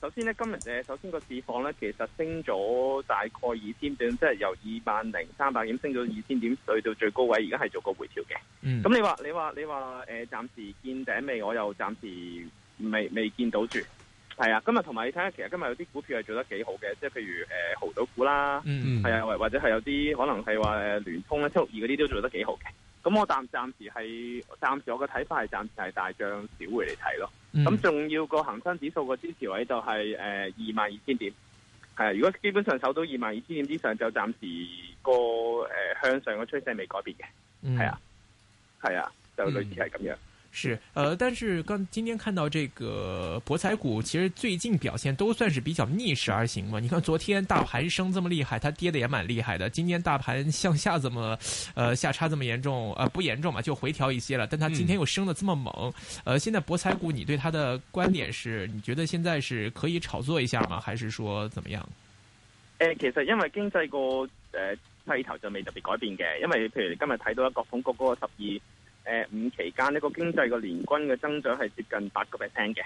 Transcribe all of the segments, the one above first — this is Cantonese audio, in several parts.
首先咧，今日誒，首先個市況咧，其實升咗大概二千點，即係由二萬零三百點升咗二千點，去到最高位，而家係做個回調嘅。咁、嗯、你話，你話，你話誒、呃，暫時見頂未？我又暫時未未見到住。係啊，今日同埋你睇下，其實今日有啲股票係做得幾好嘅，即係譬如誒、呃、豪島股啦，係、嗯嗯、啊，或或者係有啲可能係話誒聯通咧、七六二嗰啲都做得幾好嘅。咁我暫暫時係暫時我嘅睇法係暫時係大漲小回嚟睇咯。咁、嗯、仲要個恒生指數個支持位就係誒二萬二千點，係啊。如果基本上守到二萬二千點之上，就暫時、嗰個誒、呃、向上嘅趨勢未改變嘅。係、嗯、啊，係啊，就類似係咁樣。嗯嗯是，呃，但是剛今天看到這個博彩股，其實最近表現都算是比較逆勢而行嘛。你看昨天大盤升這麼厲害，它跌的也蠻厲害的。今天大盤向下這麼，呃，下差這麼嚴重，呃，不嚴重嘛，就回調一些了。但它今天又升的這麼猛，呃，現在博彩股，你對它的觀點是？你覺得現在是可以炒作一下嗎？還是說怎麼樣？誒、呃，其實因為經濟個誒勢頭就未特別改變嘅，因為譬如你今日睇到國統局嗰個十二。誒、呃，五期間呢，這個經濟個年均嘅增長係接近八個 percent 嘅，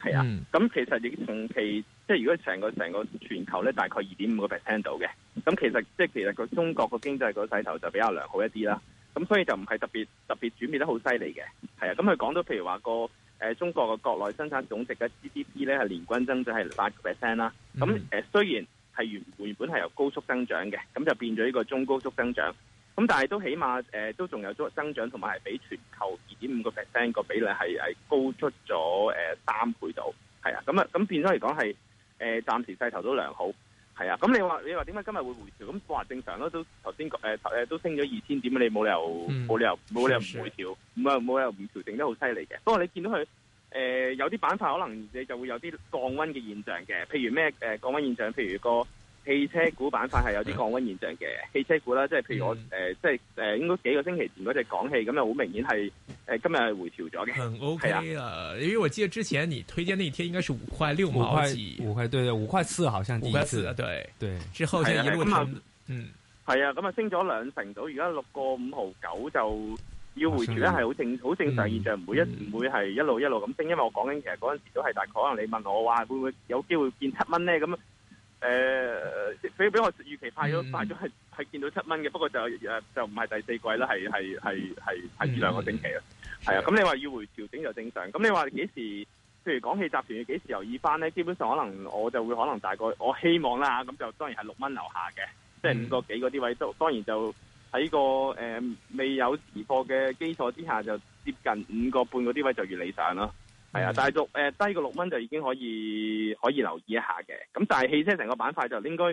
係、嗯、啊。咁、嗯嗯、其實亦同期，即係如果成個成個全球咧，大概二點五個 percent 到嘅。咁其實即係其實個中國個經濟個勢頭就比較良好一啲啦。咁所以就唔係特別特別轉變得好犀利嘅。係啊。咁佢講到譬如話個誒中國個國內生產總值嘅 GDP 咧係年均增長係八個 percent 啦。咁誒雖然係原原本係由高速增長嘅，咁就變咗呢個中高速增長。咁但係都起碼誒都仲有增增長，同埋係比全球二點五個 percent 個比例係係高出咗誒三倍度，係啊，咁啊咁變咗嚟講係誒暫時勢頭都良好，係啊，咁你話你話點解今日會回調？咁話正常咯，都頭先誒誒都升咗二千點，你冇理由冇、嗯、理由冇理由唔回調，冇冇理由唔調整得好犀利嘅。不過你見到佢誒有啲板塊可能你就會有啲降溫嘅現象嘅，譬如咩誒降溫現象，譬如、個。汽車股板塊係有啲降溫現象嘅，嗯，汽車股啦，即係譬如我誒，即係誒，應該幾個星期前嗰隻港氣咁，就好明顯係今日係回調咗嘅。很 OK 啦，啊啊，因為我記得之前你推薦那一天應該是五塊六毛幾五塊，五塊四，好像五塊四，對，對之後就一路升，啊、嗯，係啊，咁啊，升咗兩成到，而家六個五毫九就要回調咧，係好正，好正常現象，唔會一唔會係一路一路咁升，因為我講緊其實嗰陣時都係，大概，可能你問我話會唔會有機會見七蚊咧咁。誒、呃，比比我預期派咗，派咗係係見到七蚊嘅，不過就誒就唔係第四季啦，係係係係係兩個星期啊，咁、嗯嗯嗯、你話要回調整就正常，咁你話幾時？譬如廣汽集團要幾時留意翻咧？基本上可能我就會可能大概，我希望啦，咁就當然係六蚊樓下嘅，即、就、係、是、五個幾嗰啲位都、嗯、當然就喺個誒、呃、未有持貨嘅基礎之下，就接近五個半嗰啲位就越理想咯。係啊，但係誒低過六蚊就已經可以可以留意一下嘅。咁但係汽車成個板塊就應該，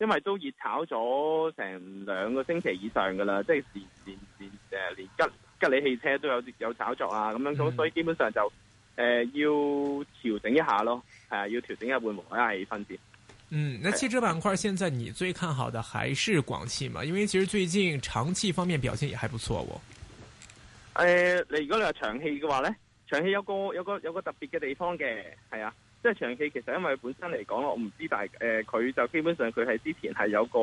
因為都熱炒咗成兩個星期以上㗎喇，即係連吉吉利汽車都有有炒作啊咁樣，咁所以基本上就誒、呃、要調整一下咯。係啊，要調整一部分，可一係分錢。嗯，那汽車板塊現在你最看好的還是廣汽嘛、啊？因為其實最近長汽方面表現也還不錯喎、啊。誒、呃，你如果你話長汽嘅話咧？長期有個有個有個特別嘅地方嘅，係啊，即係長期其實因為本身嚟講，我唔知，但係誒佢就基本上佢係之前係有個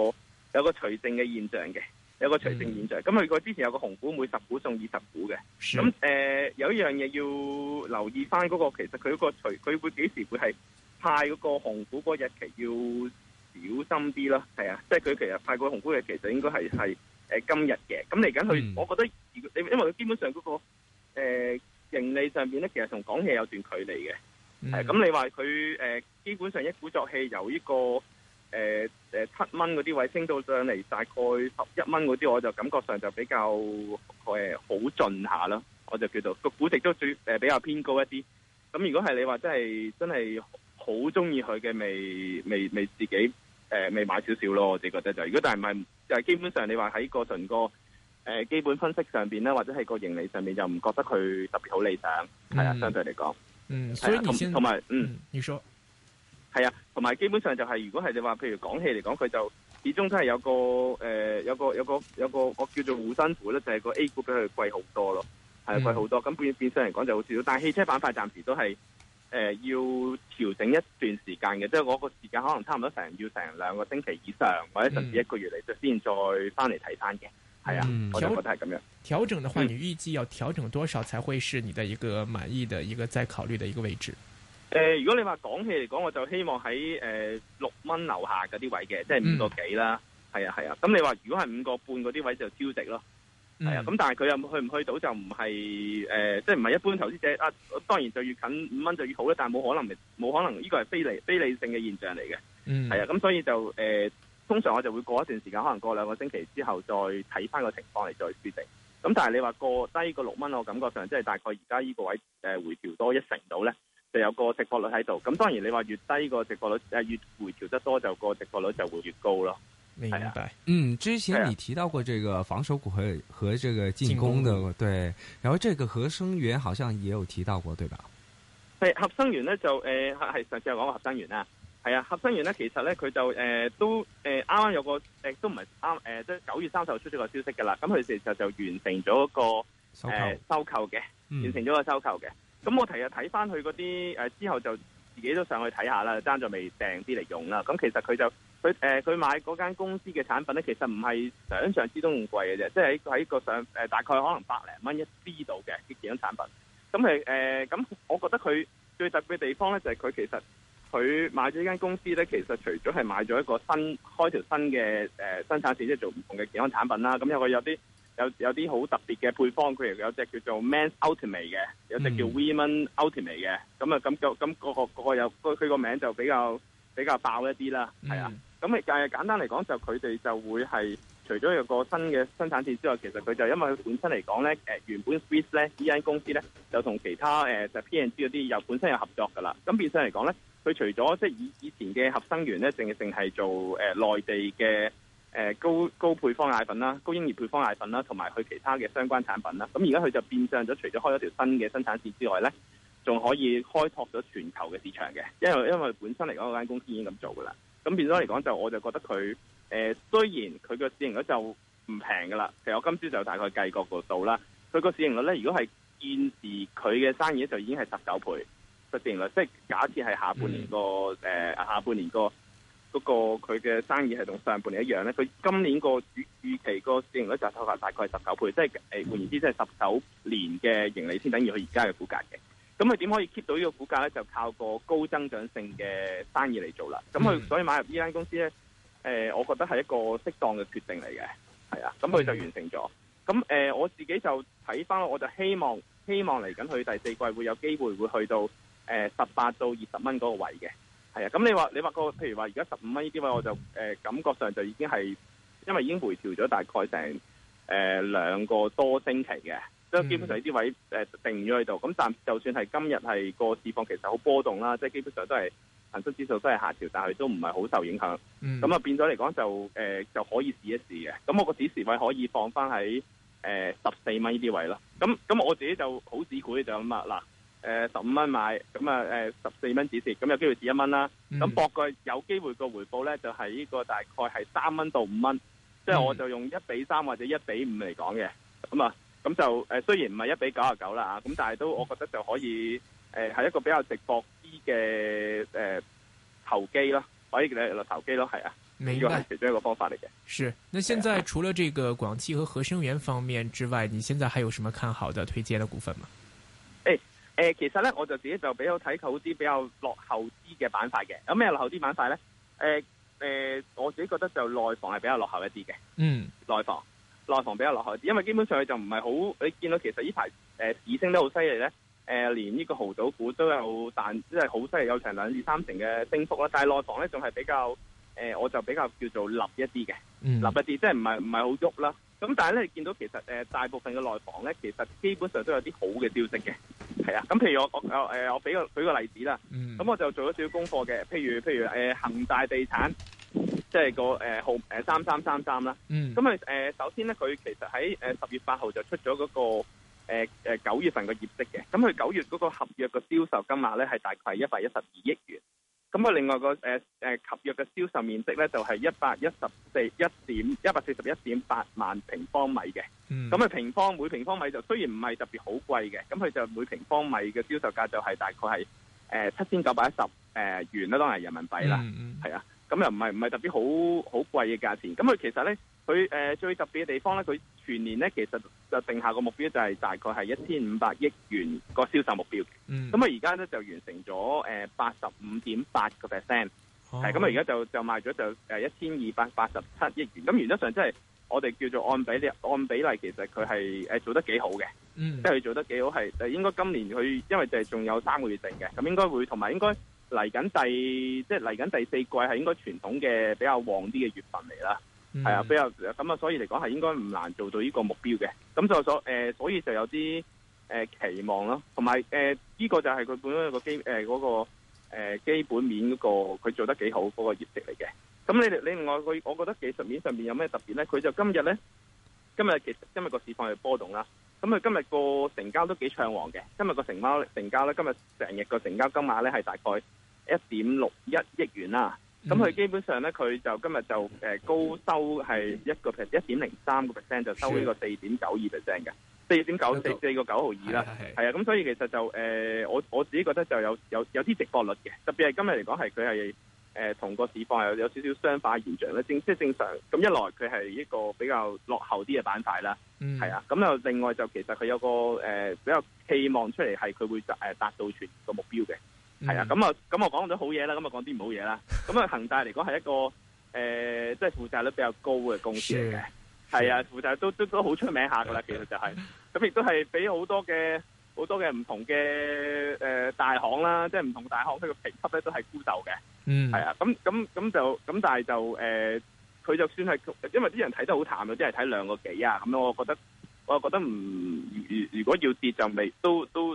有個隨性嘅現象嘅，有個隨性現，現象。咁佢個之前有個紅股每十股送二十股嘅，咁誒、呃、有一樣嘢要留意翻、那、嗰個，其實佢個隨佢會幾時會係派嗰個紅股個日期要小心啲囉。係啊，即係佢其實派個紅股嘅日期就應該係係誒今日嘅。咁嚟緊佢，我覺得因為佢基本上嗰、那個、呃盈利上面咧，其實同港鐵有段距離嘅。咁、嗯啊、你話佢、呃、基本上一鼓作氣由一個、呃、七蚊嗰啲位升到上嚟，大概十一蚊嗰啲，我就感覺上就比較誒好盡下啦。我就叫做個估值都最比較偏高一啲。咁如果係你話真係真係好中意佢嘅，未未未自己誒未、呃、買少少咯，我自己覺得就。如果但係唔係就係、是、基本上你話喺個純哥。誒，基本分析上邊咧，或者係個盈利上面就唔覺得佢特別好理想，係、嗯、啊，相對嚟講，嗯，所以同同埋，嗯，你說係啊，同埋基本上就係、是，如果係你話，譬如廣汽嚟講，佢就始終都係有個誒、呃，有個有個有個我叫做護身符咧，就係、是、個 A 股比佢貴好多咯，係貴好多，咁變、嗯、變相嚟講就好少。但係汽車板塊暫時都係誒、呃、要調整一段時間嘅，即、就、係、是、我個時間可能差唔多成要成兩個星期以上，或者甚至一個月嚟，先、嗯、先再翻嚟睇翻嘅。係啊，嗯、我覺得係咁樣。調整嘅話，你預計要調整多少才會是你嘅一個滿意嘅一個再考慮嘅一個位置？誒、嗯呃，如果你話講起嚟講，我就希望喺誒六蚊樓下嗰啲位嘅，即係五個幾啦。係啊係啊，咁、啊、你話如果係五個半嗰啲位就超值咯。係啊，咁但係佢又去唔去到就唔係誒，即係唔係一般投資者啊？當然就越近五蚊就越好啦。但係冇可能，冇可能呢、這個係非理非理性嘅現象嚟嘅。嗯，係啊，咁所以就誒。呃通常我就會過一段時間，可能過兩個星期之後再睇翻個情況，嚟再決定。咁但係你話過低個六蚊，我感覺上即係大概而家呢個位誒，回調多一成度咧，就有個折價率喺度。咁當然你話越低個折價率誒，越回調得多，就個折價率就會越高咯。明白、啊。嗯，之前你提到過這個防守股和、和這個進攻的進攻，對，然後這個合生元好像也有提到過，對吧？係合生元咧就誒、係、呃、上次有講過合生元啊係啊，合生元咧，其實咧佢就誒、呃、都誒啱啱有個誒都唔係啱誒，即係九月三十號出咗個消息噶啦。咁佢其實就完成咗一,、呃、一個收購嘅，完成咗個收購嘅。咁我提日睇翻佢嗰啲誒之後就自己都上去睇下啦，爭咗未訂啲嚟用啦。咁其實佢就佢誒佢買嗰間公司嘅產品咧，其實唔係想象之中咁貴嘅啫，即係喺個上誒、呃、大概可能百零蚊一支度嘅啲營養產品。咁係誒，咁、呃、我覺得佢最特別嘅地方咧，就係、是、佢其實。佢買咗呢間公司咧，其實除咗係買咗一個新開條新嘅誒、呃、生產線，即係做唔同嘅健康產品啦。咁有個有啲有有啲好特別嘅配方，佢有隻叫做 Man's Ultimate 嘅，有隻叫 Women Ultimate 嘅。咁啊，咁、那個咁、那個個個有佢個名就比較比較爆一啲啦。係、嗯、啊，咁誒、呃、簡單嚟講就佢哋就會係除咗有個新嘅生產線之外，其實佢就因為佢本身嚟講咧，誒、呃、原本 Swiss 咧呢間公司咧就同其他誒就、呃、P&G 嗰啲又本身有合作噶啦。咁變相嚟講咧。佢除咗即係以以前嘅合生元咧，淨係淨係做誒內、呃、地嘅誒、呃、高高配方奶粉啦、高嬰兒配方奶粉啦，同埋佢其他嘅相關產品啦。咁而家佢就變相咗，除咗開咗條新嘅生產線之外咧，仲可以開拓咗全球嘅市場嘅。因為因為本身嚟講，嗰間公司已經咁做噶啦。咁變咗嚟講，就我就覺得佢誒、呃，雖然佢個市盈率就唔平噶啦。其實我今朝就大概計過嗰度啦。佢個市盈率咧，如果係現時佢嘅生意咧，就已經係十九倍。市盈率，即係假設係下半年個誒、嗯，下半年、個嗰個佢嘅生意係同上半年一樣咧。佢今年個預預期個市盈率就係大概十九倍，即係誒，換言之，即係十九年嘅盈利先等於佢而家嘅股價嘅。咁佢點可以 keep 到呢個股價咧？就靠個高增長性嘅生意嚟做啦。咁佢所以買入呢間公司咧，誒、呃，我覺得係一個適當嘅決定嚟嘅，係啊。咁佢就完成咗。咁、嗯、誒、呃，我自己就睇翻，我就希望希望嚟緊佢第四季會有機會會去到。誒、呃，十八到二十蚊嗰個位嘅，係啊，咁你話你話個，譬如話而家十五蚊呢啲位，我就誒、呃、感覺上就已經係，因為已經回調咗大概成誒兩個多星期嘅，所以基本上呢啲位誒、呃、定咗喺度。咁但就算係今日係個市況其實好波動啦，即、就、係、是、基本上都係恒生指數都係下調，但係都唔係好受影響。咁、嗯、啊變咗嚟講就誒、呃、就可以試一試嘅。咁我個指示位可以放翻喺誒十四蚊呢啲位咯。咁咁我自己就好市股就咁啊嗱。誒、嗯，十五蚊買，咁、嗯、啊，誒十四蚊止蝕，咁有機會止一蚊啦。咁博個有機會個回報咧，就係呢個大概係三蚊到五蚊，即係我就用一比三或者一比五嚟講嘅。咁啊，咁就誒，雖然唔係一比九啊九啦咁但係都我覺得就可以，誒、呃、係一個比較直博啲嘅誒投機咯，可以嘅實投機咯，係啊，呢個係其中一個方法嚟嘅。是。那現在除了這個廣汽和合生元方面之外，你現在還有什麼看好的推薦的股份嗎？誒、呃，其實咧，我就自己就比較睇好啲比較落後啲嘅板塊嘅。有咩落後啲板塊咧？誒、呃、誒、呃，我自己覺得就內房係比較落後一啲嘅。嗯，內房，內房比較落後啲，因為基本上佢就唔係好，你見到其實呢排誒市升得好犀利咧。誒、呃呃，連呢個豪宅股都有彈，即係好犀利，有成兩至三成嘅升幅啦。但係內房咧，仲係比較誒、呃，我就比較叫做立一啲嘅、嗯，立一啲，即係唔係唔係好喐啦。咁但係咧，你見到其實、呃、大部分嘅內房咧，其實基本上都有啲好嘅消息嘅，係啊。咁譬如我我誒、呃、我俾個舉個例子啦，咁我就做咗少少功課嘅，譬如譬如誒恒、呃、大地產，即係個誒、呃、號誒三三三三啦。咁、嗯、佢、呃、首先咧，佢其實喺誒十月八號就出咗嗰、嗰個誒九、呃、月份嘅業績嘅。咁佢九月嗰個合約嘅銷售金額咧，係大概係一百一十二億元。咁啊，另外個誒誒，合約嘅銷售面積咧，就係、是、一百一十四一點一百四十一點八萬平方米嘅。咁啊，平方每平方米就雖然唔係特別好貴嘅，咁佢就每平方米嘅銷售價就係大概係誒、呃、七千九百一十誒元啦、呃，當然係人民幣啦，係、嗯嗯、啊，咁又唔係唔係特別好好貴嘅價錢。咁佢其實咧。佢誒、呃、最特別嘅地方咧，佢全年咧其實就定下個目標，就係大概係一千五百億元個銷售目標。咁、嗯、啊，而家咧就完成咗誒八十五點八個 percent。係咁啊，而家、哦、就就賣咗就誒一千二百八十七億元。咁原則上即、就、係、係、我哋叫做按比例，按比例其實佢係誒做得幾好嘅。即係佢做得幾好係，就應該今年佢因為就係仲有三個月定嘅，咁應該會同埋應該嚟緊第即係嚟緊第四季係應該傳統嘅比較旺啲嘅月份嚟啦。係、mm -hmm. 啊，比較咁啊、嗯，所以嚟講係應該唔難做到呢個目標嘅。咁、嗯、就所誒、呃，所以就有啲誒、呃、期望咯。同埋誒，呢、呃這個就係佢本身個基誒、呃那個誒、呃、基本面、那個佢做得幾好嗰個業績嚟嘅。咁、嗯、你另外我，我覺得技術面上面有咩特別咧？佢就今日咧，今日其實今日個市況係波動啦。咁、嗯、佢今日個成交都幾暢旺嘅。今日個成交成交咧，今日成日個成交金額咧係大概一點六一億元啦。咁、嗯、佢基本上咧，佢就今日就誒、呃、高收，係一個 percent 一點零三個 percent 就收呢個四點九二 percent 嘅四點九四四個九毫二啦，係啊，咁所以其實就誒、呃、我我自己覺得就有有有啲直播率嘅，特別係今日嚟講係佢係誒同個市況有有少少相反現象咧，正即係正常。咁一來佢係一個比較落後啲嘅板塊啦，係、嗯、啊，咁又另外就其實佢有個誒、呃、比較期望出嚟係佢會達誒、呃、到全年個目標嘅。係啊，咁啊，咁我講咗好嘢啦，咁啊講啲唔好嘢啦。咁啊，恒大嚟講係一個誒，即係負債率比較高嘅公司嚟嘅。係啊，負債都都都好出名下噶啦，其實就係。咁亦都係俾好多嘅好多嘅唔同嘅誒大行啦，即係唔同大行佢個評級咧都係孤斗嘅。嗯。係啊，咁咁咁就咁，但係就誒，佢就算係，因為啲人睇得好淡啊，即係睇兩個幾啊，咁樣，我覺得，我啊覺得唔如如果要跌就未都都。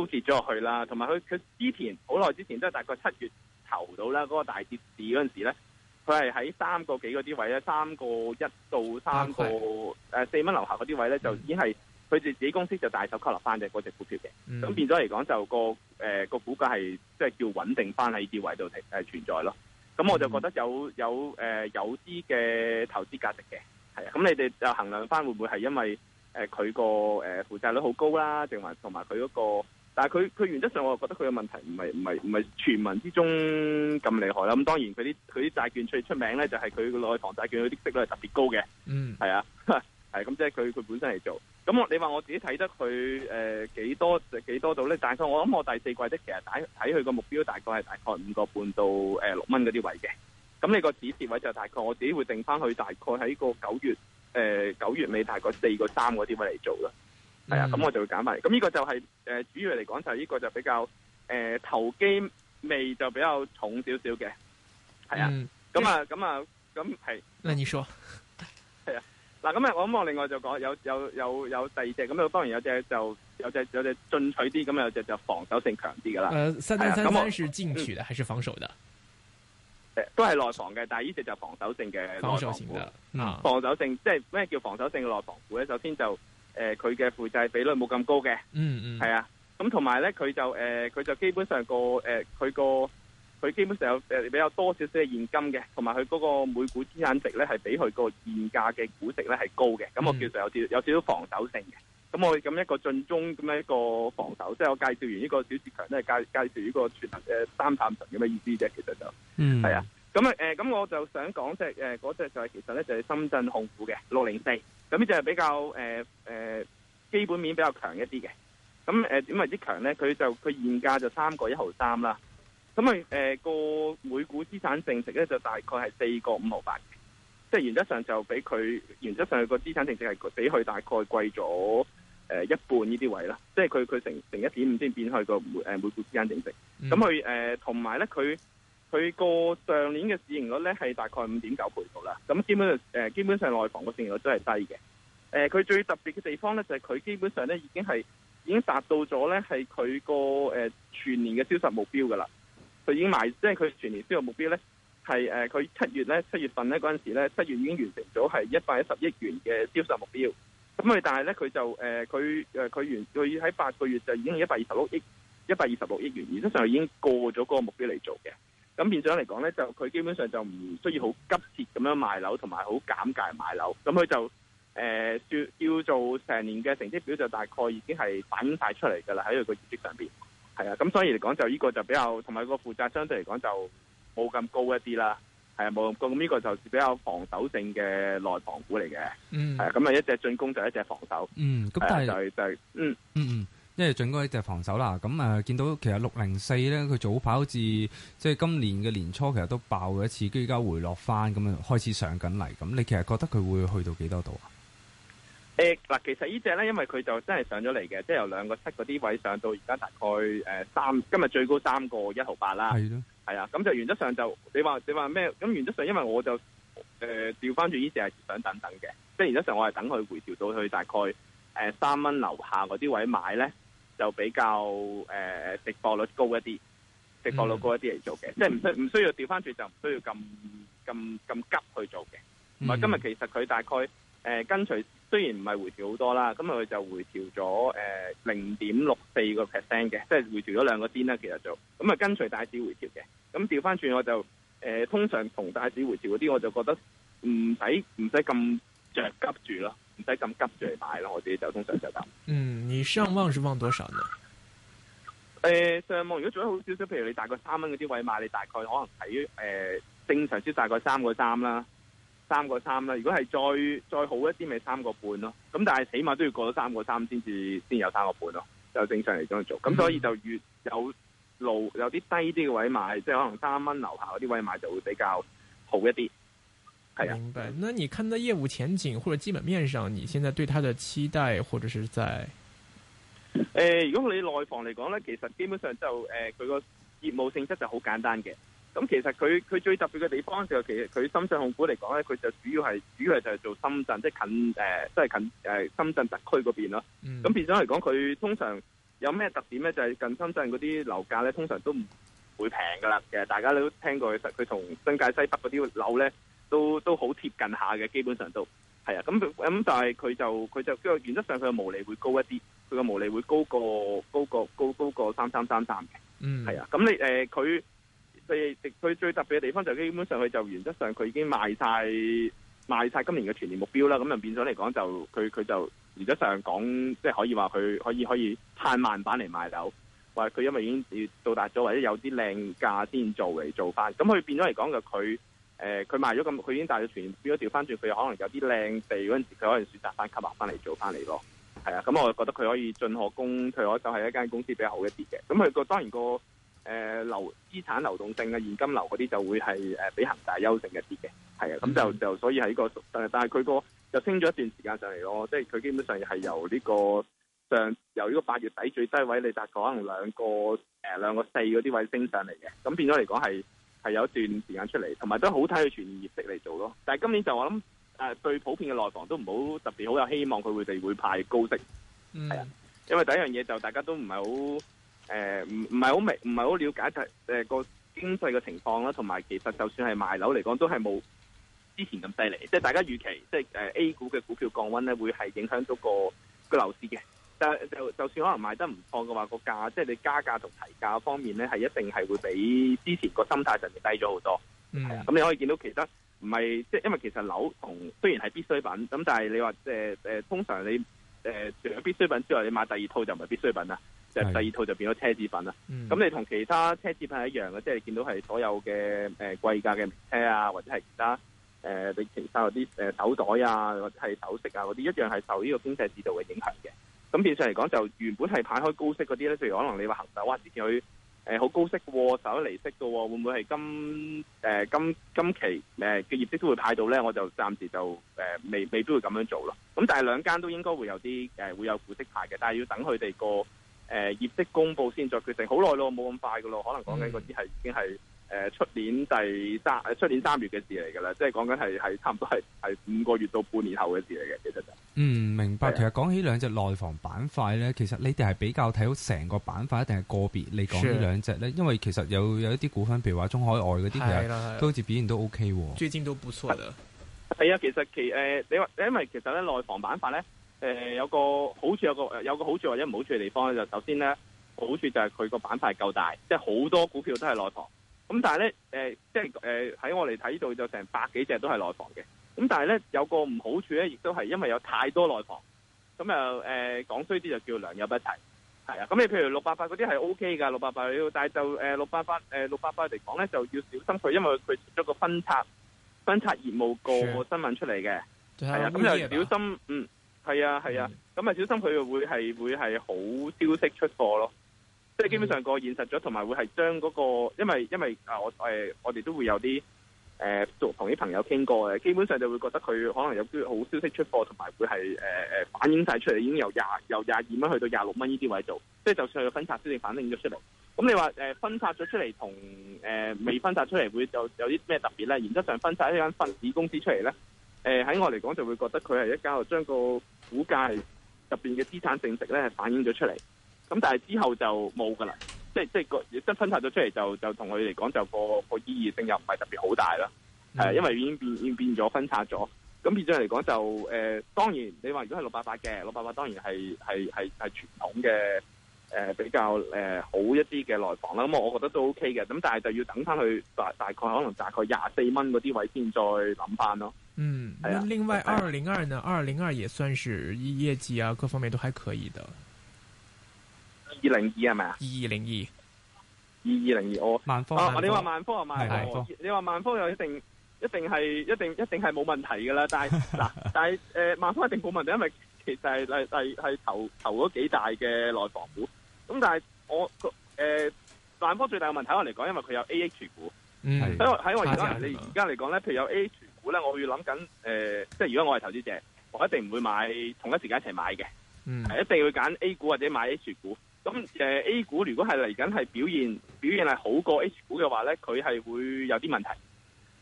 都跌咗落去啦，同埋佢佢之前好耐之前都係大概七月頭到啦，嗰、那個大跌市嗰陣時咧，佢係喺三個幾嗰啲位咧，三個一到三個誒、啊呃、四蚊樓下嗰啲位咧、嗯，就已經係佢哋自己公司就大手吸立翻嘅嗰隻股票嘅，咁、嗯、變咗嚟講就個誒個股價係即係叫穩定翻喺呢啲位度誒、呃、存在咯。咁我就覺得有有誒、呃、有啲嘅投資價值嘅，係啊。咁你哋就衡量翻會唔會係因為誒佢、呃呃啊那個誒負債率好高啦，定還同埋佢嗰個？但係佢佢原則上，我覺得佢嘅問題唔係唔係唔係全民之中咁厲害啦。咁當然佢啲佢啲債券最出名咧，就係佢嘅內房債券，佢啲息率係特別高嘅。嗯，係啊，係咁即係佢佢本身嚟做。咁我你話我自己睇得佢誒幾多幾多度咧？大概我諗我第四季咧，其實大睇佢個目標大概係大概五個半到誒六蚊嗰啲位嘅。咁你個止跌位就大概我自己會定翻去大概喺個九月誒九、呃、月尾大概四個三嗰啲位嚟做啦。係、嗯、啊，咁我就會揀埋。咁、嗯、呢、嗯這個就係、是、誒、呃，主要嚟講就係呢個就比較誒、呃、投機味就比較重少少嘅。係啊，咁、嗯、啊，咁、嗯、啊，咁係。那你說係啊，嗱，咁啊，我咁我另外就講有有有有第二隻，咁啊，當然有隻就有隻有隻進取啲，咁有隻就防守性強啲噶啦。誒、呃，三點三三是進取的還是防守的、啊嗯、都係內防嘅，但係呢隻就防守性嘅內防股。嗱、啊，防守性即係咩叫防守性嘅內防股咧？首先就。誒、呃，佢嘅負債比率冇咁高嘅，嗯嗯，係啊，咁同埋咧，佢就誒，佢、呃、就基本上個誒，佢、呃、個佢基本上有誒比較多少少現金嘅，同埋佢嗰個每股資產值咧係比佢個現價嘅股值咧係高嘅，咁我叫做有少有少少防守性嘅，咁我咁一個進中咁樣一個防守，即係我介紹完呢個小志強咧，介介紹呢個全能嘅、呃、三淡神咁嘅意思啫，其實就，嗯，係啊。咁啊，誒、呃，咁我就想講隻誒嗰隻就係、是、其實咧就係、是、深圳控股嘅六零四，咁呢隻係比較誒誒、呃、基本面比較強一啲嘅。咁誒點為之強咧？佢、呃、就佢現價就三個一毫三啦。咁佢誒個每股資產淨值咧就大概係四個五毫八，嘅即係原則上就比佢原則上個資產淨值係比佢大概貴咗誒一半呢啲位啦。即係佢佢成成一點五先變去個每誒、呃、每股資產淨值。咁佢誒同埋咧佢。呃佢個上年嘅市盈率咧係大概五點九倍度啦，咁基本誒、呃、基本上內房嘅市盈率都係低嘅。誒、呃，佢最特別嘅地方咧就係、是、佢基本上咧已經係已經達到咗咧係佢個誒全年嘅銷售目標噶啦。佢已經賣，即係佢全年銷售目標咧係誒佢七月咧七月份咧嗰陣時咧七月已經完成咗係一百一十億元嘅銷售目標。咁佢但係咧佢就誒佢誒佢完佢喺八個月就已經一百二十六億一百二十六億元，而且上已經過咗嗰個目標嚟做嘅。咁變相嚟講咧，就佢基本上就唔需要好急切咁樣賣樓，同埋好減價賣樓。咁佢就誒叫、呃、叫做成年嘅成績表就大概已經係反映曬出嚟㗎啦，喺佢個業績上面，係啊，咁所以嚟講就呢個就比較同埋個負債相對嚟講就冇咁高一啲啦。係啊，冇咁高，咁呢個就比較防守性嘅內房股嚟嘅。嗯，係啊，咁啊一隻進攻就一隻防守。嗯，咁但係就係、係、就嗯嗯嗯。即係進攻呢隻防守啦，咁誒、啊、見到其實六零四咧，佢早跑至即係今年嘅年初，其實都爆過一次，而家回落翻咁樣，開始上緊嚟咁。你其實覺得佢會去到幾多度啊？嗱、欸，其實隻呢隻咧，因為佢就真係上咗嚟嘅，即、就、係、是、由兩個七嗰啲位上到而家大概三，今日最高三個一毫八啦。係咯，啊，咁就原則上就你話你話咩？咁原則上，因為我就誒調翻轉呢只係想等等嘅，即、就、係、是、原則上我係等佢回調到去大概三蚊樓下嗰啲位買咧。就比較誒跌幅率高一啲，跌幅率高一啲嚟、mm -hmm. 做嘅，mm -hmm. 即係唔需唔需要調返轉，就唔需要咁咁咁急去做嘅。唔、mm、係 -hmm. 今日其實佢大概誒、呃、跟隨，雖然唔係回調好多啦，咁佢就回調咗誒零點六四個 percent 嘅，即係回調咗兩個點啦、啊。其實做就咁啊，跟隨大市回調嘅，咁調返轉我就誒、呃、通常同大市回調嗰啲，我就覺得唔使唔使咁。着急住咯，唔使咁急住嚟買咯。我自己就通常就咁。嗯，你上望是望多少呢？誒、呃，上望如果做得好少少，譬如你大概三蚊嗰啲位買，你大概可能喺誒、呃、正常先大概三個三啦，三個三啦。如果係再再好一啲，咪三個半咯。咁但係起碼都要過咗三個三先至先有三個半咯，就正常嚟講嚟做。咁、嗯、所以就越有路有啲低啲嘅位買，即、就、係、是、可能三蚊樓下嗰啲位買就會比較好一啲。明白。那你看在業務前景或者基本面上，你現在對它的期待或者是在？誒、呃，如果你內房嚟講呢，其實基本上就誒，佢、呃、個業務性質就好簡單嘅。咁其實佢佢最特別嘅地方就是、其實佢深圳控股嚟講呢，佢就主要係主要係就係做深圳，即、就、係、是、近誒，即、呃、係、就是、近誒、呃、深圳特區嗰邊咯。咁變咗嚟講，佢通常有咩特點呢？就係、是、近深圳嗰啲樓價呢，通常都唔會平噶啦。其實大家都聽過，其實佢同新界西北嗰啲樓呢。都都好貼近下嘅，基本上都係啊。咁咁，但係佢就佢就即係原則上佢嘅毛利會高一啲，佢嘅毛利會高過高過高高過三三三三嘅。嗯，係啊。咁你誒佢佢佢最特別嘅地方就基本上佢就原則上佢已經賣晒賣晒今年嘅全年目標啦。咁就變咗嚟講，就佢佢就原則上講，即係可以話佢可以可以太慢版嚟賣樓，或者佢因為已經要到達咗，或者有啲靚價先做嚟做翻。咁佢變咗嚟講就佢。誒、呃、佢賣咗咁，佢已經大約全變咗調翻轉，佢可能有啲靚地嗰陣時，佢可能選擇翻吸納翻嚟做翻嚟咯。係啊，咁、嗯、我覺得佢可以進可攻，退可守係一間公司比較好一啲嘅。咁佢個當然、那個誒流、呃、資產流動性啊、現金流嗰啲就會係誒比恒大優勝一啲嘅。係啊，咁就就所以喺、那個但係佢個就升咗一段時間上嚟咯。即係佢基本上係由呢、這個上由呢個八月底最低位，你達到可能兩個誒兩個四嗰啲位升上嚟嘅。咁、嗯、變咗嚟講係。係有一段時間出嚟，同埋都好睇佢全年業績嚟做咯。但係今年就我諗誒，對、呃、普遍嘅內房都唔好特別好有希望，佢會哋會派高息。係、嗯、啊，因為第一樣嘢就大家都唔係好誒，唔唔係好明，唔係好瞭解誒個、呃、經濟嘅情況啦。同埋其實就算係賣樓嚟講，都係冇之前咁犀利。即係大家預期，即係誒 A 股嘅股票降溫咧，會係影響咗個個樓市嘅。就就算可能賣得唔錯嘅話，個價即係你加價同提價方面咧，係一定係會比之前個心態上面低咗好多。係啊，咁你可以見到其實唔係即係因為其實樓同雖然係必需品，咁但係你話誒誒通常你誒、呃、除咗必需品之外，你買第二套就唔係必需品啦，就係、mm -hmm. 第二套就變咗奢侈品啦。咁、mm -hmm. 你同其他奢侈品係一樣嘅，即係你見到係所有嘅誒、呃、貴價嘅名車啊，或者係其他誒你、呃、其他嗰啲誒手袋啊，或者係首飾啊嗰啲一樣係受呢個經濟制度嘅影響嘅。咁變相嚟講，就原本係派開高息嗰啲咧，譬如可能你話恆生，哇之前佢好高息嘅喎，首息息嘅喎，會唔會係今、呃、今今期誒嘅業績都會派到咧？我就暫時就、呃、未未必會咁樣做喇。咁但係兩間都應該會有啲誒、呃、會有股息派嘅，但係要等佢哋個誒業績公布先再決定。好耐咯，冇咁快㗎咯，可能講緊嗰啲係已經係。嗯誒、呃，出年第三誒，出年三月嘅事嚟噶啦，即係講緊係係差唔多係係五個月到半年後嘅事嚟嘅，其實就是、嗯，明白。其實講起兩隻內房板塊咧，其實你哋係比較睇好成個板塊，是一定係個別你講呢兩隻咧？因為其實有有一啲股份，譬如話中海外嗰啲，其實都好似表現都 OK 喎。最近都不錯啊。係啊，其實其誒，你話因為其實咧內房板塊咧，誒、呃、有個好處有個有個好處或者唔好處嘅地方咧，就首先咧好處就係佢個板塊夠大，即係好多股票都係內房。咁、嗯、但係咧，誒、呃，即係誒，喺、呃、我哋睇到，就成百幾隻都係內房嘅。咁但係咧，有個唔好處咧，亦都係因為有太多內房，咁又誒講衰啲就叫良莠不齊，係啊。咁你譬如六八八嗰啲係 O K 㗎，六八八要，但係就誒六八八誒六八八嚟講咧，就要小心佢，因為佢出咗個分拆，分拆業務個新聞出嚟嘅，係啊，咁就小心，嗯，係啊，係、嗯、啊，咁啊、嗯嗯、小心佢會係會係好消息出貨咯。即、嗯、係基本上個現實咗，同埋會係將嗰、那個，因為因為啊，我誒、呃、我哋都會有啲誒做同啲朋友傾過嘅，基本上就會覺得佢可能有啲好消息出貨，同埋會係誒誒反映晒出嚟，已經由廿由廿二蚊去到廿六蚊呢啲位做。即係就算佢分拆先，反映咗出嚟。咁你話誒、呃、分拆咗出嚟同誒未分拆出嚟會有有啲咩特別咧？原則上分拆呢間分子公司出嚟咧，誒、呃、喺我嚟講就會覺得佢係一家將個股價入邊嘅資產淨值咧反映咗出嚟。咁但係之後就冇噶啦，即係即係個真分拆咗出嚟就就同佢嚟講就個個意義性又唔係特別好大啦，係、嗯、因為已經變已經變了了變咗分拆咗，咁變咗嚟講就誒、呃、當然你話如果係六八八嘅六八八當然係係係係傳統嘅誒、呃、比較誒、呃、好一啲嘅內房啦，咁我覺得都 OK 嘅，咁但係就要等翻去大大概可能大概廿四蚊嗰啲位先再諗翻咯。嗯，咁、啊、另外二零二呢？二零二也算是業績啊，各方面都還可以的。二零二係咪啊？二二零二，二二零二，我萬科啊！你話萬科又買，你話萬科又一定一定係一定一定係冇問題噶 啦。但係嗱，但係誒，萬科一定冇問題，因為其實係係係係投投咗幾大嘅內房股。咁但係我誒萬、呃、科最大嘅問題，可能嚟講，因為佢有 A H 股。嗯，喺我喺我而家你而家嚟講咧，譬如有 A H 股咧，我會諗緊誒，即係如果我係投資者，我一定唔會買同一時間一齊買嘅，嗯。一定要揀 A 股或者買 H 股。咁誒，A 股如果係嚟緊係表現表現係好過 H 股嘅話咧，佢係會有啲問題，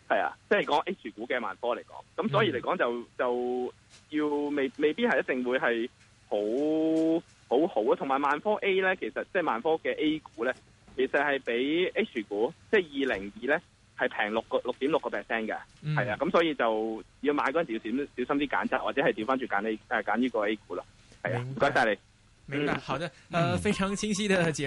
係啊，即係講 H 股嘅萬科嚟講，咁所以嚟講就就要未未必係一定會係好，好好好啊。同埋萬科 A 咧，其實即係萬科嘅 A 股咧，其實係比 H 股即係二零二咧係平六個六點六個 percent 嘅，係啊。咁、嗯、所以就要買嗰陣時要點小心啲揀質，或者係調翻轉揀 A 誒揀呢個 A 股啦。係啊，唔該晒你。明白，好的，呃、嗯，非常清晰的解讀。